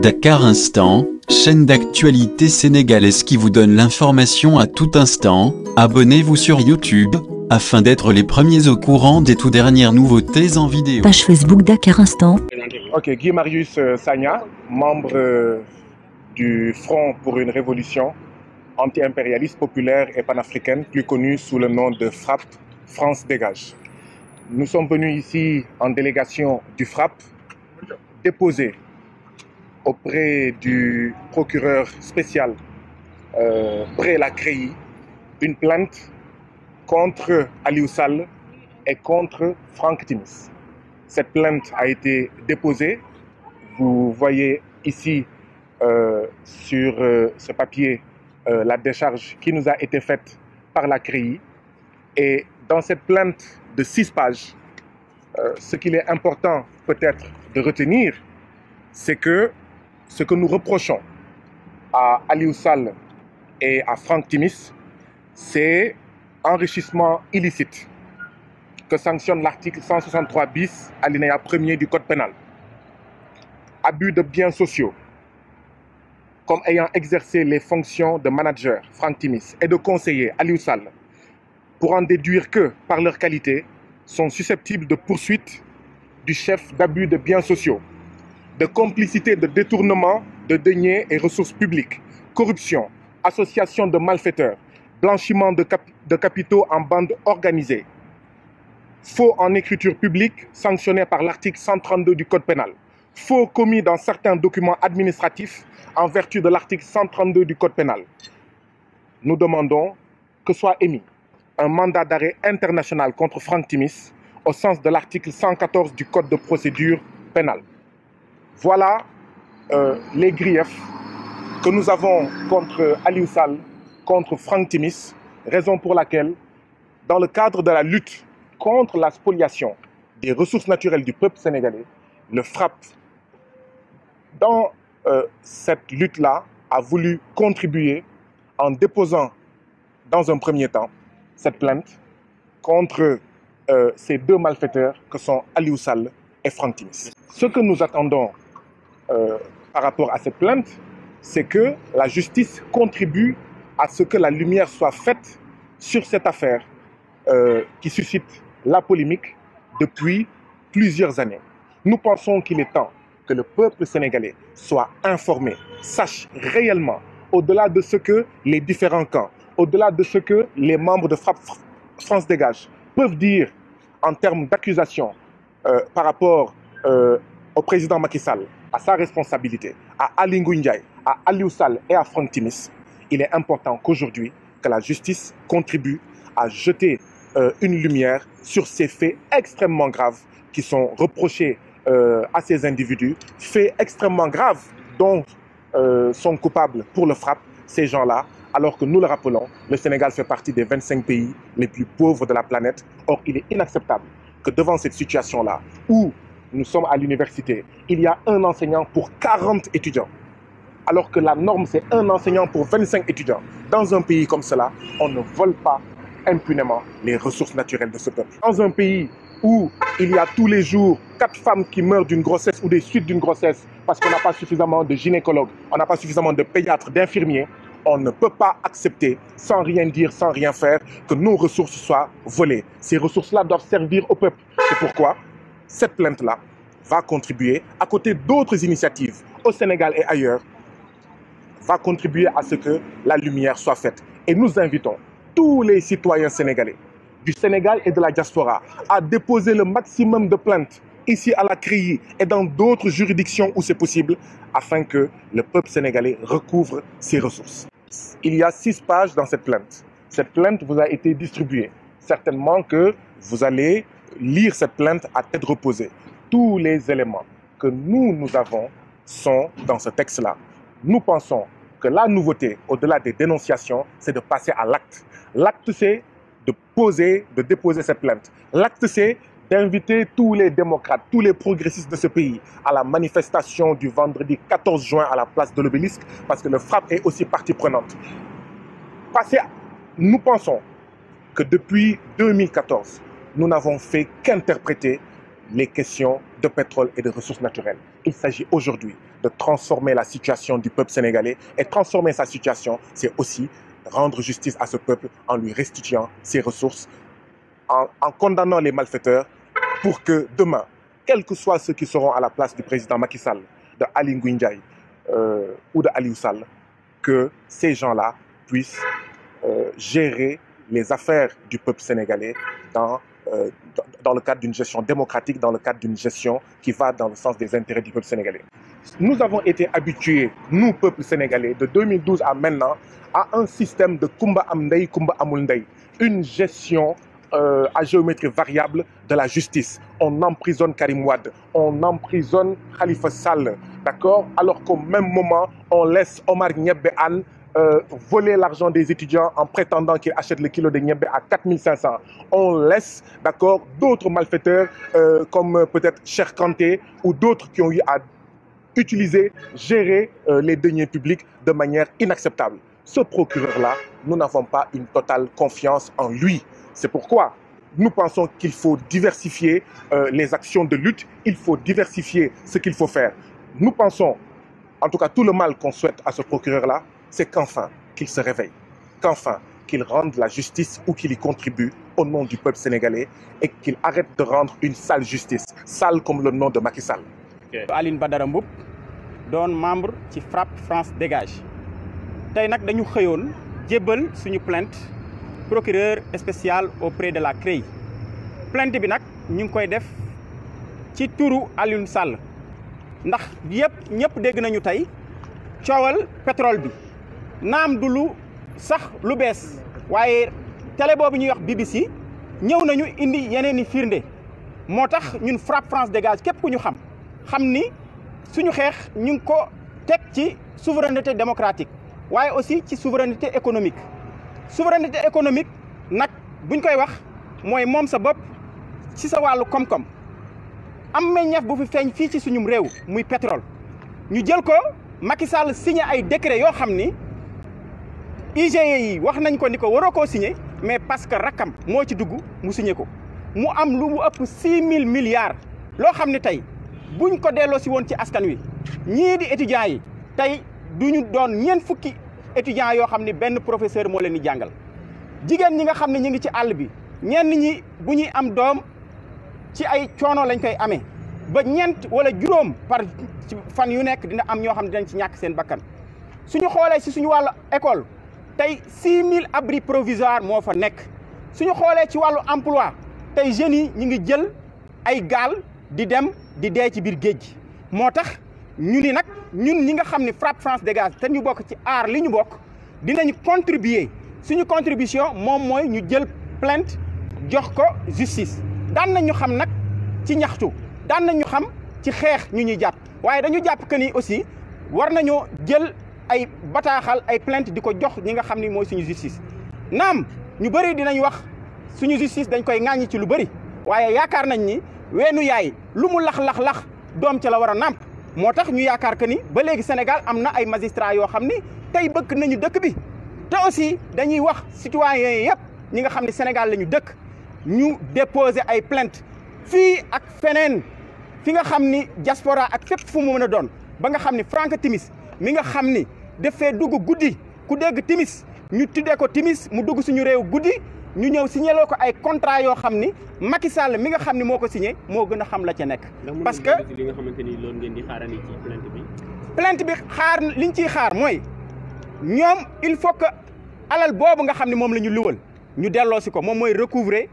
Dakar Instant, chaîne d'actualité sénégalaise qui vous donne l'information à tout instant. Abonnez-vous sur YouTube afin d'être les premiers au courant des tout dernières nouveautés en vidéo. Page Facebook Dakar Instant. Ok, Guy Marius euh, Sagna, membre euh, du Front pour une révolution anti-impérialiste populaire et panafricaine, plus connu sous le nom de FRAP, France Dégage. Nous sommes venus ici en délégation du FRAP déposer auprès du procureur spécial euh, près de la Cri, une plainte contre Aliou Sall et contre Franck Timis. Cette plainte a été déposée. Vous voyez ici euh, sur euh, ce papier la décharge qui nous a été faite par la CRI. Et dans cette plainte de six pages, ce qu'il est important peut-être de retenir, c'est que ce que nous reprochons à Aliou Sall et à Franck Timis, c'est enrichissement illicite que sanctionne l'article 163 bis, alinéa 1er du Code pénal. Abus de biens sociaux, comme ayant exercé les fonctions de manager, Franck Timis, et de conseiller, Aliou Sall, pour en déduire que, par leur qualité, sont susceptibles de poursuite du chef d'abus de biens sociaux de complicité de détournement de deniers et ressources publiques, corruption, association de malfaiteurs, blanchiment de, de capitaux en bande organisée, faux en écriture publique sanctionné par l'article 132 du Code pénal, faux commis dans certains documents administratifs en vertu de l'article 132 du Code pénal. Nous demandons que soit émis un mandat d'arrêt international contre Franck Timis au sens de l'article 114 du Code de procédure pénale. Voilà euh, les griefs que nous avons contre Ali Sall, contre Franck Timis, raison pour laquelle, dans le cadre de la lutte contre la spoliation des ressources naturelles du peuple sénégalais, le FRAP, dans euh, cette lutte-là, a voulu contribuer en déposant, dans un premier temps, cette plainte contre euh, ces deux malfaiteurs que sont Ali Sall et Franck Timis. Ce que nous attendons euh, par rapport à cette plainte, c'est que la justice contribue à ce que la lumière soit faite sur cette affaire euh, qui suscite la polémique depuis plusieurs années. Nous pensons qu'il est temps que le peuple sénégalais soit informé, sache réellement, au-delà de ce que les différents camps, au-delà de ce que les membres de France Dégage peuvent dire en termes d'accusation euh, par rapport au président Macky Sall, à sa responsabilité, à Ali à Ali Oussal et à Franck Timis, il est important qu'aujourd'hui, que la justice contribue à jeter euh, une lumière sur ces faits extrêmement graves qui sont reprochés euh, à ces individus, faits extrêmement graves dont euh, sont coupables pour le frappe ces gens-là, alors que nous le rappelons, le Sénégal fait partie des 25 pays les plus pauvres de la planète. Or, il est inacceptable que devant cette situation-là, où nous sommes à l'université, il y a un enseignant pour 40 étudiants. Alors que la norme, c'est un enseignant pour 25 étudiants. Dans un pays comme cela, on ne vole pas impunément les ressources naturelles de ce peuple. Dans un pays où il y a tous les jours quatre femmes qui meurent d'une grossesse ou des suites d'une grossesse parce qu'on n'a pas suffisamment de gynécologues, on n'a pas suffisamment de pédiatres, d'infirmiers, on ne peut pas accepter, sans rien dire, sans rien faire, que nos ressources soient volées. Ces ressources-là doivent servir au peuple. C'est pourquoi cette plainte-là va contribuer, à côté d'autres initiatives au Sénégal et ailleurs, va contribuer à ce que la lumière soit faite. Et nous invitons tous les citoyens sénégalais du Sénégal et de la diaspora à déposer le maximum de plaintes ici à la CRI et dans d'autres juridictions où c'est possible, afin que le peuple sénégalais recouvre ses ressources. Il y a six pages dans cette plainte. Cette plainte vous a été distribuée. Certainement que vous allez lire cette plainte à tête reposée. Tous les éléments que nous, nous avons sont dans ce texte-là. Nous pensons que la nouveauté, au-delà des dénonciations, c'est de passer à l'acte. L'acte, c'est de poser, de déposer cette plainte. L'acte, c'est d'inviter tous les démocrates, tous les progressistes de ce pays à la manifestation du vendredi 14 juin à la place de l'obélisque, parce que le frappe est aussi partie prenante. Passer, nous pensons que depuis 2014, nous n'avons fait qu'interpréter les questions de pétrole et de ressources naturelles. Il s'agit aujourd'hui de transformer la situation du peuple sénégalais et transformer sa situation, c'est aussi rendre justice à ce peuple en lui restituant ses ressources, en, condamnant les malfaiteurs pour que demain, quels que soient ceux qui seront à la place du président Macky Sall, de Ali euh, ou de Ali Oussal, que ces gens-là puissent euh, gérer les affaires du peuple sénégalais dans euh, dans le cadre d'une gestion démocratique, dans le cadre d'une gestion qui va dans le sens des intérêts du peuple sénégalais. Nous avons été habitués, nous, peuple sénégalais, de 2012 à maintenant, à un système de Kumba Amdei, Kumba Amundei, une gestion euh, à géométrie variable de la justice. On emprisonne Karim Wad, on emprisonne Khalifa Sall, d'accord Alors qu'au même moment, on laisse Omar Niebbehan euh, voler l'argent des étudiants en prétendant qu'ils achètent le kilo de niébé à 4500. On laisse, d'accord, d'autres malfaiteurs euh, comme euh, peut-être Cher Kanté ou d'autres qui ont eu à utiliser, gérer les deniers publics de manière inacceptable. Ce procureur-là, nous n'avons pas une totale confiance en lui. C'est pourquoi nous pensons qu'il faut diversifier les actions de lutte, il faut diversifier ce qu'il faut faire. Nous pensons, en tout cas tout le mal qu'on souhaite à ce procureur-là, c'est qu'enfin qu'il se réveille, qu'enfin qu'il rende la justice ou qu'il y contribue au nom du peuple sénégalais et qu'il arrête de rendre une sale justice, sale comme le nom de Macky Sall. Aline Badarambouk, donne membre France Dégage plainte procureur spécial auprès de la CREI plainte naam du lu sax lu bees waaye télé bobu ñuy wax BBC ñew nañu indi yeneen i firnde motax ñun FRAPP France dégage kep ku ñu xam xamni ni suñu xex ñu ko teg ci souveraineté démocratique waye aussi ci souveraineté économique souveraineté économique nak buñ koy wax moy mom sa bop ci sa walu kom kom am meññeef bu fi feñ fi ci suñum rew muy pétrole ñu jël ko Macky Sall signé ay décret yo xamni Ijaii, yi wax nañ ko ni ko signé mais parce que rakam mo ci dugg mu signé ko mu am lu mu upp 6000 milliards lo xamni tay buñ ko délo ci won ci askan wi ñi di étudiant yi tay duñu doon ñen fukki étudiant yo xamni ne benn professeur mo leen di jàngal ñi nga xamni ñi ngi ci all bi ñen ñi buñuy am dom ci ay coono lañ koy amé ba ñent wala juroom par fan yu nek dina am ño xam ne ci ñak seen bakkan suñu xolé ci suñu wal école Tay 6000 abris provisoires mo fa nek suñu xolé ci walu emploi tay jeunes ñi ngi jël ay gal di dem di dé ci bir géej motax ñu ni nak ñun ñi nga xam ne France Dégage té ñu bok ci art li ñu bok dinañ contribuer suñu contribution mom moy ñu jël plainte jox ko justice daan nañu xam nak ci ñaxtu daan nañu xam ci xex ñu ñi japp waaye dañu japp que ni aussi war nañu jël ay bataxal ay plainte di jox ñi nga xamni moy suñu justice nam ñu bari dinañ wax suñu justice dañ koy ngañ ci lu bari waye yaakar nañ ni wénu yaay lu mu lax-lax-lax dom ci la wara a motax ñu yaakar ke ni ba légui Sénégal amna ay magistrats yo xamni tay bëkk nañu dëkk bi té aussi dañuy wax citoyens yépp ñi nga xamni Sénégal lañu dëkk ñu déposer ay plainte fi ak fenen fi nga xamni diaspora ak fépp fu mu mën a doon ba nga xamni franc Timis mi nga xamni defee dugg guddi ku dégg timis ñu tuddee ko timis mu dugg suñu réew guddi ñu ñëw signaloo ko ay contrat yoo xam ni Macky Sall mi nga xam ni moo ko signé moo gën a xam la ca nekk. parce que li nga xamante ni loolu ngeen di xaarani ci plainte bi. bi xaar liñ ciy xaar mooy ñoom il faut que alal boobu nga xam ne moom la ñu luwal ñu delloo si ko moom mooy recouvrer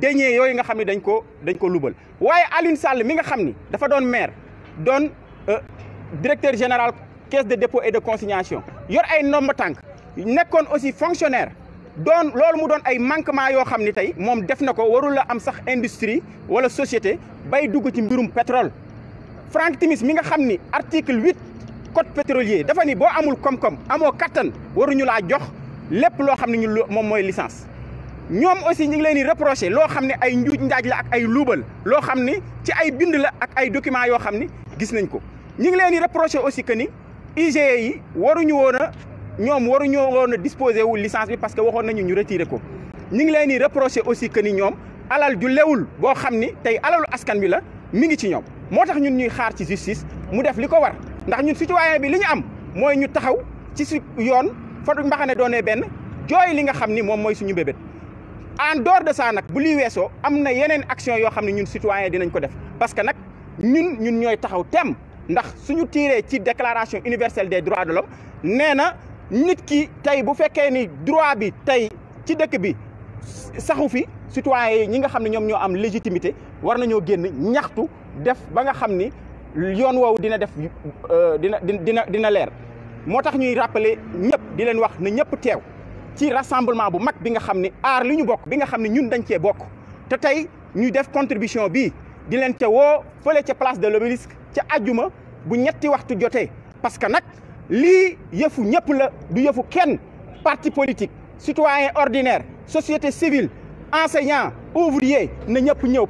deniers yooyu nga xam ne dañ ko dañ ko lubal waaye Alioune Sall mi nga xam ni dafa doon maire doon euh, directeur général. caisse de dépôt et de consignation yor ay ndomb tànk nekkoon aussi fonctionnaire Don, loolu mu don ay manquement yo xamni tay mom def nako ko warul la am sax industrie wala société bay dugg ci mbirum pétrole Franck Timis mi nga xamni article 8 code pétrolier dafa ni bo amul kom koom amoo kattan waruñu la jox lepp lo xamni ne ñu moom mooy licence ñom aussi ñi ngi leen reprocher lo xamni ay njuuj ndaj la ak ay loubal lo xamni ci ay bind la ak ay documents yo xamni gis nañ ko ñi ngi leen reprocher aussi que ni IGE yi waruñu woon a ñoom waruñoo woon a disposé wu licence bi parce que waxoon nañu ñu retiré ko ñu ngi leen di reproché aussi que ni ñoom alal ju lewul boo xam ni tey alalu askan bi la mi ngi ci ñoom moo tax ñun ñuy xaar ci justice mu def li ko war ndax ñun citoyen bi li ñu am mooy ñu taxaw ci su yoon fa du mbaxane doonee benn jooy li nga xam ni moom mooy suñu mbébét en dehors de ça nag bu liy weesoo am na yeneen action yoo xam ne ñun citoyen dinañ ko def parce que nag ñun ñun ñooy taxaw tem ndax suñu tiré ci déclaration universelle des droits de l'homme nee na nit ki tey bu fekkee ni droit bi tey ci dëkk bi saxu fi citoyens yi ñi nga xam ne ñoom am légitimité war nañoo génn ñaxtu def ba nga xamni yoon woowu dina def euh, dina dina dina leer motax ñuy rappeler ñëpp di leen wax na ñëpp tew ci rassemblement bu mag bi nga xam ne aar li ñu bokk bi nga xam ñun dañ ci bok te tay ñuy def contribution bi di leen ca wo feulé ci place de l'obélisque ci aljuma bu ñetti parce que nak li yefu du parti politique citoyen ordinaire société civile enseignant ouvrier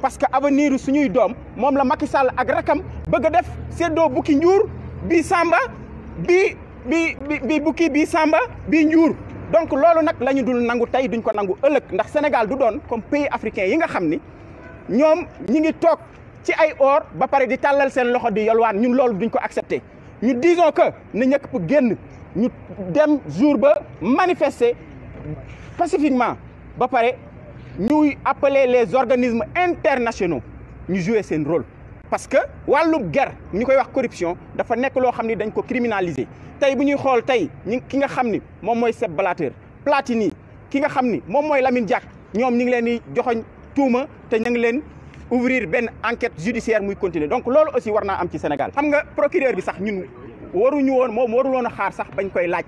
parce que avenir suñuy la Macky Sall ak rakam bëgg def samba bi bi donc dul nangu duñ ko nangu Sénégal comme pays africain yi nga ci ay or ba pare di talal sen loxo di yalwaan ñun loolu duñ ko accepté ñu disons que na ñëpp génn ñu dem jour ba manifester pacifiquement ba pare ñuy appeler les organismes internationaux ñu jouer sen rôle. parce que walu guerre ni koy wax corruption dafa nek lo xamni dañ ko criminaliser tay bu ñuy xool tey ñi ki nga xamni mom moy mooy Sepp Blatter Platini ki nga xamni ni moy mooy Lamine Diack ñoom ñu ngi leen di tuuma te ñu ngi leen ouvrir une enquête judiciaire muy continuer donc loolu aussi warna naa am ci Sénégal xam nga procureur bi sax ñun waruñu woon moom warul woon a xaar sax koy laaj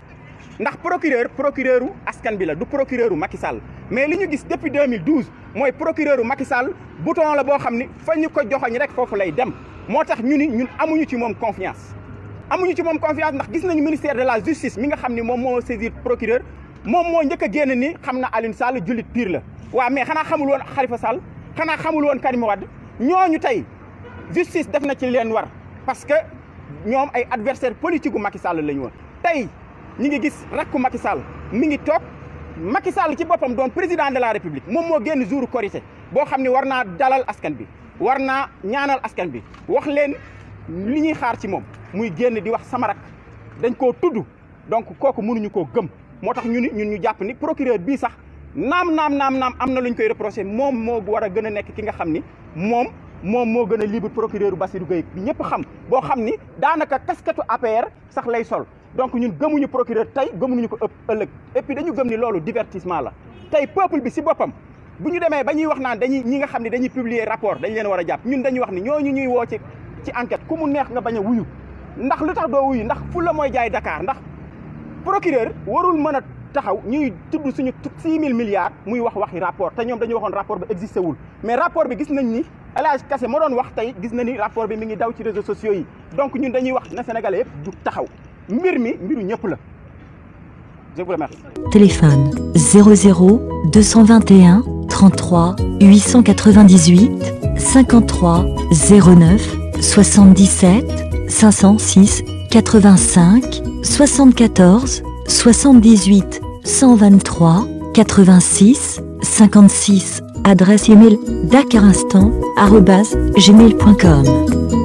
ndax procureur procureur askan bi la du procureur Macky Sall mais li ñu gis depuis 2012 mooy procureur Macky Sall bouton la boo xam ni fa ñu ko joxoñ rek foofu lay dem moo tax ñun amuñu ci confiance amuñu ci moom confiance ndax gis nañu ministère de la justice mi nga xam ni moom saisir procureur moom mo njëkk a génn ni xam na Sall jullit pire la waaw mais xanaa xamul woon Khalifa Sall xanaa xamul woon Karim Wade ñooñu tey justice def na ci leen war parce que ñoom ay adversaire politique gu Macky Sall la ñu woon. tey ñi ngi gis rakku Macky Sall mi ngi toog Macky Sall ci boppam doon président de la république moom moo génn jour Korité boo xam ne war naa dalal askan bi war naa ñaanal askan bi wax leen li ñuy xaar ci moom muy génn di wax samarak dañ koo tudd donc kooku mënuñu koo gëm moo tax ñu ni ñun ñu jàpp ni procureur bii sax. naam naam naam naam am na lu ñu koy reproché moom moo war a gën a nekk ki nga xam ni moom moom moo gën a libre procureur Bassirou Gueye bi ñëpp xam boo xam ni daanaka casquette APR sax lay sol donc ñun gëmuñu procureur tey gëmuñu ko ëpp ëllëg et puis dañu gëm ni loolu divertissement la tey peuple bi si boppam bu ñu demee ba ñuy wax naan dañuy ñi nga xam ne dañuy publier rapport dañ leen war a jàpp ñun dañuy wax ni ñooñu ñuy woo ci ci enquête ku mu neex nga bañ ndax lu tax doo ndax fu la mooy jaay Dakar ndax procureur warul mën a taxaw ñuy tudd suñu six milliards muy wax waxi rapport te ñoom dañu waxoon rapport bi existé wul mais rapport bi gis nañ ni El Hadj Kassé doon wax gis ni rapport bi mi ngi daw ci réseaux sociaux yi donc ñun dañuy wax na sénégalais yëpp jug taxaw mbir mi mbiru ñëpp la je vous remercie. téléphone 00 221 33 898 53 09 77 506 85 74 78 123 86 56 adresse email dakarinstant@gmail.com